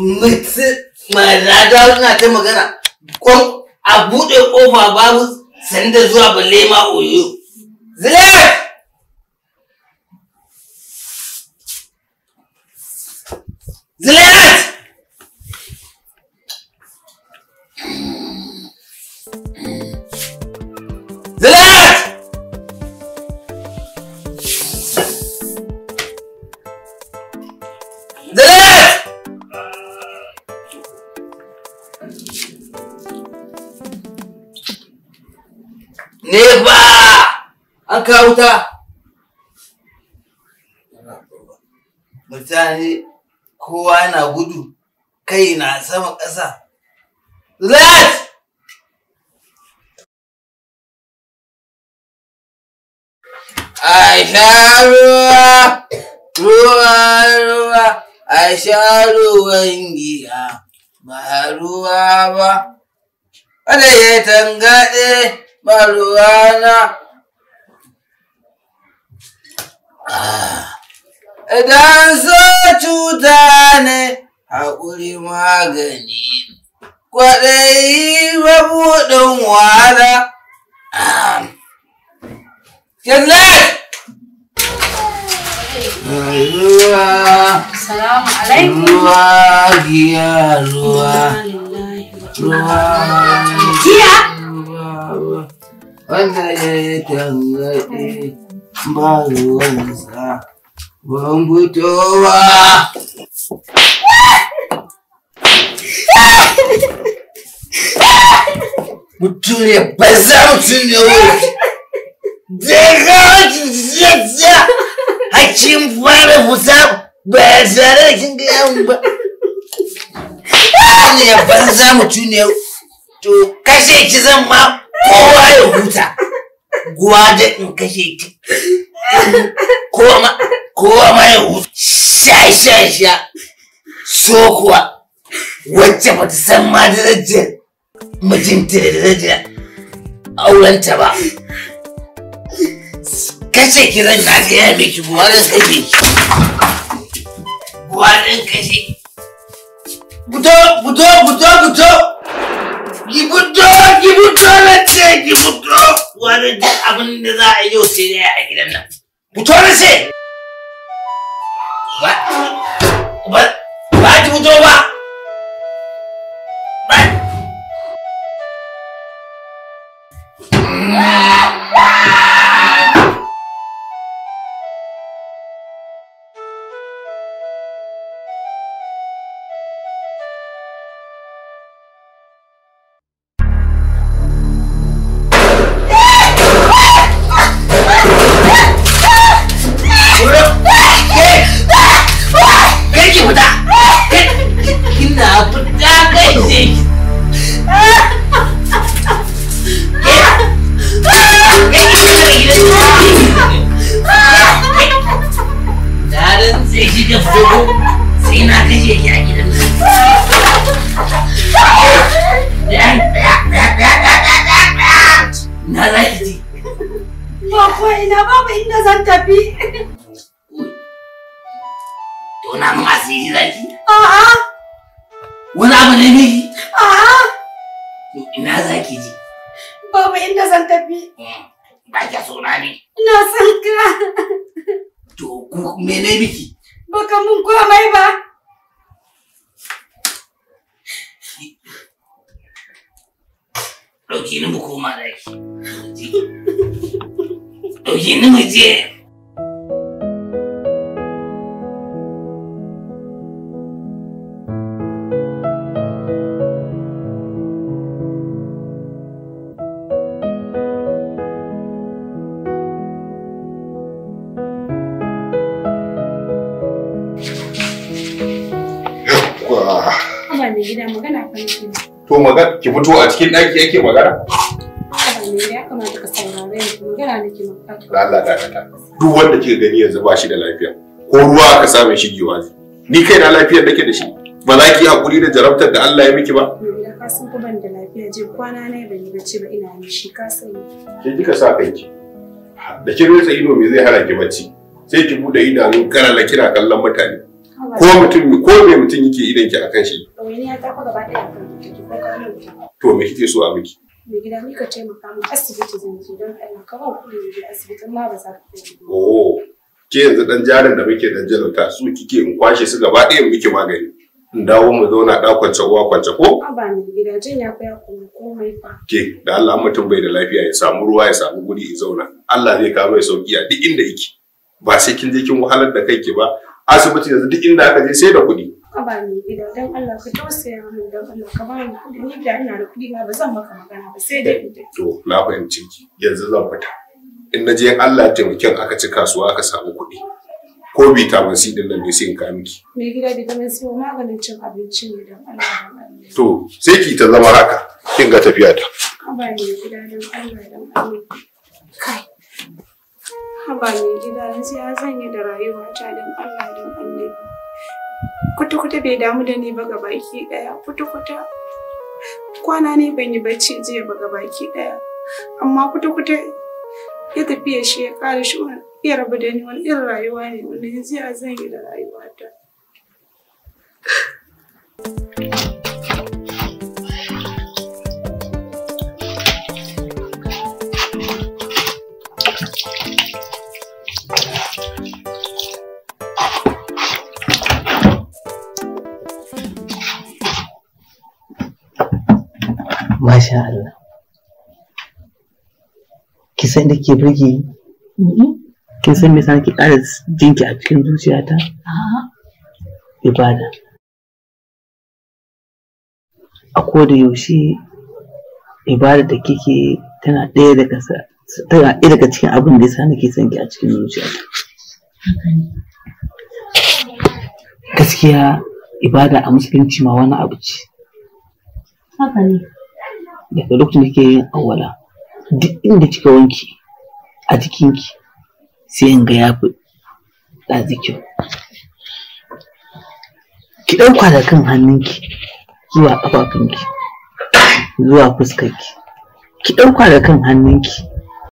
mutu mai rada suna ta magana kwan a buɗe ƙofa babu sanda zuwa ba ma oyo zile zile ba An kawo ta! Mutane kowa yana gudu, kai na sama ƙasa. Let! A sha ruwa, ruwa, ruwa, a sha ruwan giya, ba ruwa ba. Kada ya tangaɗe. ba ruwana idan so cuta ne haƙuri magani kwaɗayi mabuɗin wahala Kizlet! Ruwa, ruwa, giya, ruwa, ruwa, giya. wanda ya tangaɗe ba ruwansa ban fitowa. Mutum ne baza mutum ne wuri. Daga wajen ziyarciya hakin fara fita ba tare da kin gaya ba. ne to kashe ki zan kowa ya huta guwa gwada in kashe ki kowa ma ya huta sha sha sha so kuwa wacce ba ta san ma da darajar mijinta da darajar aurenta ba kashe kiran na ga ya miki da kashe ki gwarin kashe buto buto buto buto ki buto ki buto sai ki fito wani duk abin da za a yi yau sai dai a gidan nan. Fito na ce! zan tafi. Tona mun asiri zaki? A'a. Wani abu ne miki? A'a. zaki ji? Babu inda zan tafi. Hmm, ba ki so na ne? Ina son ka. To ku me ne miki? Baka mun komai ba. Ɗauki ni mu koma zaki. Yeni hacı. To magana ki fito a cikin ɗaki yake magana? Ya kamata ka Allah da Duk wanda ke gani yanzu ba shi da lafiya. Ko ruwa aka same shi giwa Ni kai na lafiyar nake da shi. Ba za ki hakuri da jarabtar da Allah ya miki ba. Ka san da lafiya je kwana ne ban yi bacci ba ina shi ka sani. Ke kika sa kanki. Da kin rutsa ido me zai hana ki bacci? Sai ki bude idanu kana la kira kallon mutane. Ko mutum ko me mutum yake idan ki akan shi. To me kike so a miki? mai gida ni ka taimaka min asibiti zan je don Allah ka ban kuɗi je asibiti ma ba za ka taimaka? oh ke yanzu dan jarin da muke dan jarumta su kike in kwashe su gaba ɗaya muke magani in dawo mu zauna ɗa kwance uwa kwance ko ba mai gida jin ya fa kuma komai fa ke da Allah mutum bai da lafiya ya samu ruwa ya samu guri ya zauna Allah zai kawo mai sauƙi a duk inda yake ba sai kin je kin wahalar da kai ke ba asibiti yanzu duk inda aka je sai da kuɗi Haba mai gida don Allah ka tausaya min don Allah ka bani kuɗi ni da ina da kuɗi na ba zan maka magana ba sai dai in To na fahimci ki yanzu zan fita. In na je Allah taimakin aka ci kasuwa aka samu kuɗi. Ko vitamin C din nan ne sai in ka miki. Mai gida vitamin C maganin cin abinci ne don Allah. To sai ki ta zama haka kin ga tafiya ta. Haba mai gida don Allah don Allah. Kai. Haba mai gida yanzu ya zan yi da rayuwata don Allah don Allah. Kutukuta kuta bai damu da ni ba ga baki daya kuta-kuta kwana ne ban yi bacci jiya ba ga baki daya amma kutukuta kuta ya tafi ya shi ya kare shi ya rabu da ni wani irin rayuwa ne wanda yanzu ya zan yi da rayuwa ta. masha Allah ki san da ke burge kin san me ki ƙara jinki a cikin zuciyata ibada a da yaushe ibada da kike tana ɗaya daga tana ɗaya daga cikin abin da yasa nake son ki a cikin zuciyata gaskiya ibada a musulunci ma wani abu ce haka ne daga lokacin da kike yin awala duk inda kika wanke a jikinki sai in ga yafi ɗazi ki ɗan kwada kan hannunki zuwa ƙafafunki zuwa fuskarki ki ɗan kwada kan hannunki